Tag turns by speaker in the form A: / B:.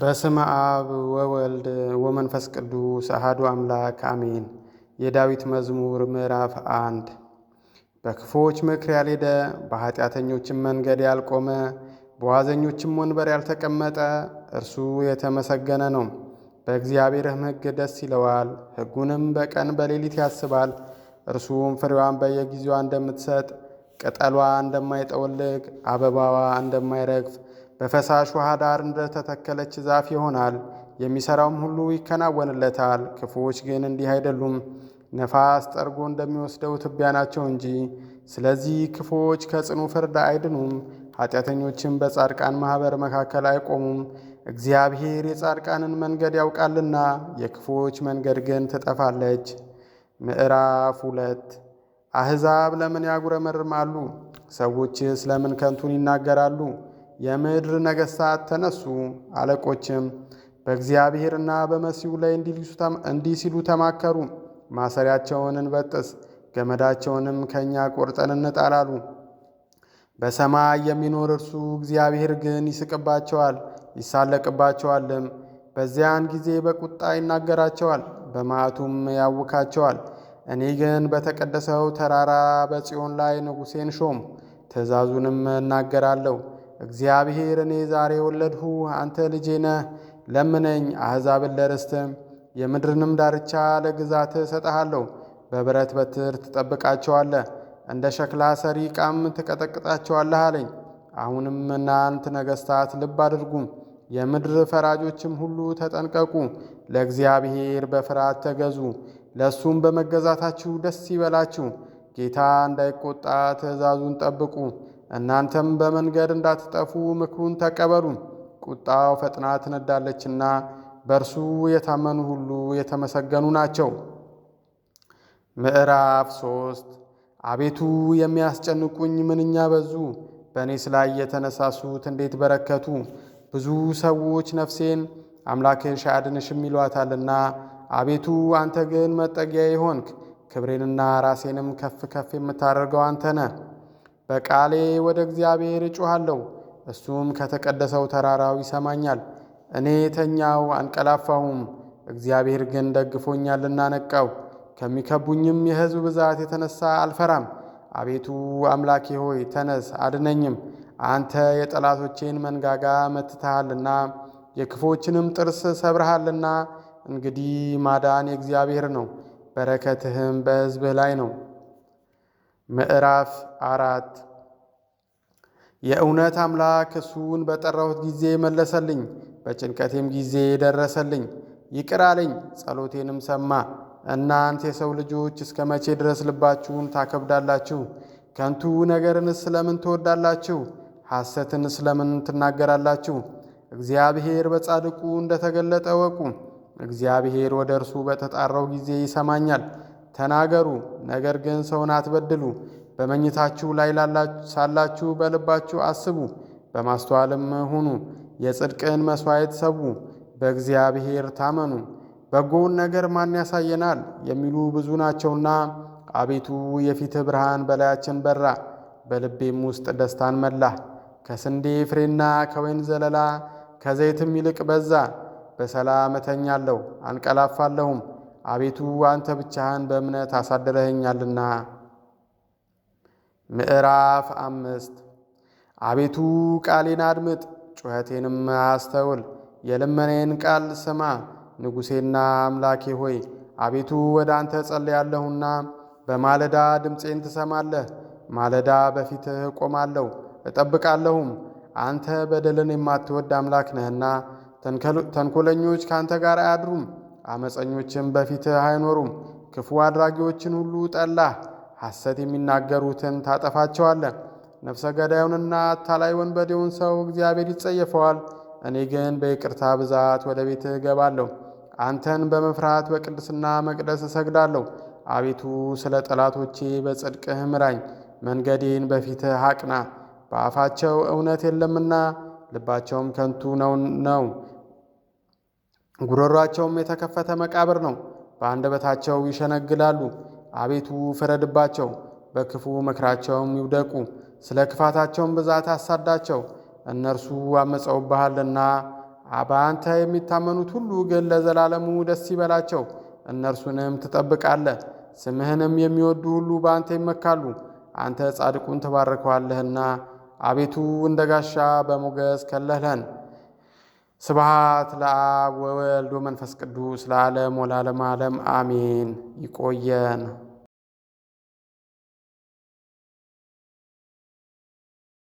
A: በስመ አብ ወወልድ ወመንፈስ ቅዱስ አሃዱ አምላክ አሜን። የዳዊት መዝሙር ምዕራፍ አንድ በክፉዎች ምክር ያልሄደ በኃጢአተኞችም መንገድ ያልቆመ በዋዘኞችም ወንበር ያልተቀመጠ እርሱ የተመሰገነ ነው። በእግዚአብሔርም ሕግ ደስ ይለዋል፣ ሕጉንም በቀን በሌሊት ያስባል። እርሱም ፍሬዋን በየጊዜዋ እንደምትሰጥ ቅጠሏ እንደማይጠወልግ አበባዋ እንደማይረግፍ በፈሳሽ ውሃ ዳር እንደተተከለች ዛፍ ይሆናል። የሚሠራውም ሁሉ ይከናወንለታል። ክፉዎች ግን እንዲህ አይደሉም፣ ነፋስ ጠርጎ እንደሚወስደው ትቢያ ናቸው እንጂ። ስለዚህ ክፉዎች ከጽኑ ፍርድ አይድኑም፣ ኃጢአተኞችም በጻድቃን ማኅበር መካከል አይቆሙም። እግዚአብሔር የጻድቃንን መንገድ ያውቃልና የክፉዎች መንገድ ግን ትጠፋለች። ምዕራፍ ሁለት አሕዛብ ለምን ያጉረመርማሉ? ሰዎችስ ለምን ከንቱን ይናገራሉ? የምድር ነገሥታት ተነሱ፣ አለቆችም በእግዚአብሔርና በመሲሁ ላይ እንዲህ ሲሉ ተማከሩ። ማሰሪያቸውን እንበጥስ፣ ገመዳቸውንም ከእኛ ቆርጠን እንጣል አሉ። በሰማይ የሚኖር እርሱ እግዚአብሔር ግን ይስቅባቸዋል ይሳለቅባቸዋልም። በዚያን ጊዜ በቁጣ ይናገራቸዋል፣ በመዓቱም ያውካቸዋል። እኔ ግን በተቀደሰው ተራራ በጽዮን ላይ ንጉሴን ሾም፣ ትእዛዙንም እናገራለሁ። እግዚአብሔር እኔ ዛሬ ወለድሁ አንተ ልጄ ነህ፣ ለምነኝ አሕዛብን ለርስትም የምድርንም ዳርቻ ለግዛት እሰጥሃለሁ። በብረት በትር ትጠብቃቸዋለህ፣ እንደ ሸክላ ሰሪ ዕቃም ትቀጠቅጣቸዋለህ አለኝ። አሁንም እናንት ነገሥታት ልብ አድርጉም፣ የምድር ፈራጆችም ሁሉ ተጠንቀቁ፣ ለእግዚአብሔር በፍርሃት ተገዙ፣ ለእሱም በመገዛታችሁ ደስ ይበላችሁ። ጌታ እንዳይቆጣ ትእዛዙን ጠብቁ። እናንተም በመንገድ እንዳትጠፉ ምክሩን ተቀበሉ። ቁጣው ፈጥና ትነዳለችና በእርሱ የታመኑ ሁሉ የተመሰገኑ ናቸው። ምዕራፍ ሶስት አቤቱ የሚያስጨንቁኝ ምንኛ በዙ! በእኔስ ላይ የተነሳሱት እንዴት በረከቱ! ብዙ ሰዎች ነፍሴን አምላክሽ አድንሽም ይሏታልና፣ አቤቱ አንተ ግን መጠጊያ የሆንክ ክብሬንና ራሴንም ከፍ ከፍ የምታደርገው አንተ ነህ። በቃሌ ወደ እግዚአብሔር እጮኻለሁ፣ እሱም ከተቀደሰው ተራራው ይሰማኛል። እኔ ተኛው አንቀላፋሁም፣ እግዚአብሔር ግን ደግፎኛልና ነቃው። ከሚከቡኝም የሕዝብ ብዛት የተነሳ አልፈራም። አቤቱ አምላኬ ሆይ ተነስ አድነኝም። አንተ የጠላቶቼን መንጋጋ መትተሃልና የክፎችንም ጥርስ ሰብረሃልና። እንግዲህ ማዳን የእግዚአብሔር ነው፣ በረከትህም በሕዝብህ ላይ ነው። ምዕራፍ አራት የእውነት አምላክ እሱን በጠራሁት ጊዜ መለሰልኝ፣ በጭንቀቴም ጊዜ ደረሰልኝ። ይቅር አለኝ፣ ጸሎቴንም ሰማ። እናንት የሰው ልጆች እስከ መቼ ድረስ ልባችሁን ታከብዳላችሁ? ከንቱ ነገርንስ ስለምን ትወዳላችሁ? ሐሰትን ስለምን ትናገራላችሁ? እግዚአብሔር በጻድቁ እንደተገለጠ ወቁ። እግዚአብሔር ወደ እርሱ በተጣራው ጊዜ ይሰማኛል። ተናገሩ፣ ነገር ግን ሰውን አትበድሉ። በመኝታችሁ ላይ ሳላችሁ በልባችሁ አስቡ፣ በማስተዋልም ሁኑ። የጽድቅን መሥዋዕት ሰቡ፣ በእግዚአብሔር ታመኑ። በጎውን ነገር ማን ያሳየናል የሚሉ ብዙ ናቸውና፣ አቤቱ የፊትህ ብርሃን በላያችን በራ፣ በልቤም ውስጥ ደስታን መላህ። ከስንዴ ፍሬና ከወይን ዘለላ ከዘይትም ይልቅ በዛ። በሰላም እተኛለሁ አንቀላፋለሁም አቤቱ አንተ ብቻህን በእምነት አሳደረኸኛልና። ምዕራፍ አምስት አቤቱ ቃሌን አድምጥ፣ ጩኸቴንም አስተውል፣ የልመኔን ቃል ስማ። ንጉሴና አምላኬ ሆይ አቤቱ ወደ አንተ ጸልያለሁና በማለዳ ድምፄን ትሰማለህ። ማለዳ በፊትህ እቆማለሁ እጠብቃለሁም። አንተ በደልን የማትወድ አምላክ ነህና ተንኮለኞች ከአንተ ጋር አያድሩም። አመፀኞችን በፊት አይኖሩም። ክፉ አድራጊዎችን ሁሉ ጠላ ሐሰት የሚናገሩትን ታጠፋቸዋለ። ነፍሰ ገዳዩንና አታላይ ወንበዴውን ሰው እግዚአብሔር ይጸየፈዋል። እኔ ግን በይቅርታ ብዛት ወደ ቤት እገባለሁ። አንተን በመፍራት በቅድስና መቅደስ እሰግዳለሁ። አቤቱ ስለ ጠላቶቼ በጽድቅህ ምራኝ፣ መንገዴን በፊትህ አቅና። በአፋቸው እውነት የለምና ልባቸውም ከንቱ ነው። ጉሮሯቸውም የተከፈተ መቃብር ነው። በአንደበታቸው ይሸነግላሉ። አቤቱ ፍረድባቸው፣ በክፉ ምክራቸውም ይውደቁ። ስለ ክፋታቸውም ብዛት አሳዳቸው፣ እነርሱ አመፀውብሃልና። በአንተ የሚታመኑት ሁሉ ግን ለዘላለሙ ደስ ይበላቸው፣ እነርሱንም ትጠብቃለህ። ስምህንም የሚወዱ ሁሉ በአንተ ይመካሉ። አንተ ጻድቁን ተባርከዋለህና አቤቱ እንደ ጋሻ በሞገስ ከለህለን። ስብሃት ለአብ ወወልድ ወመንፈስ ቅዱስ ለዓለም ወላለም ዓለም አሜን። ይቆየን።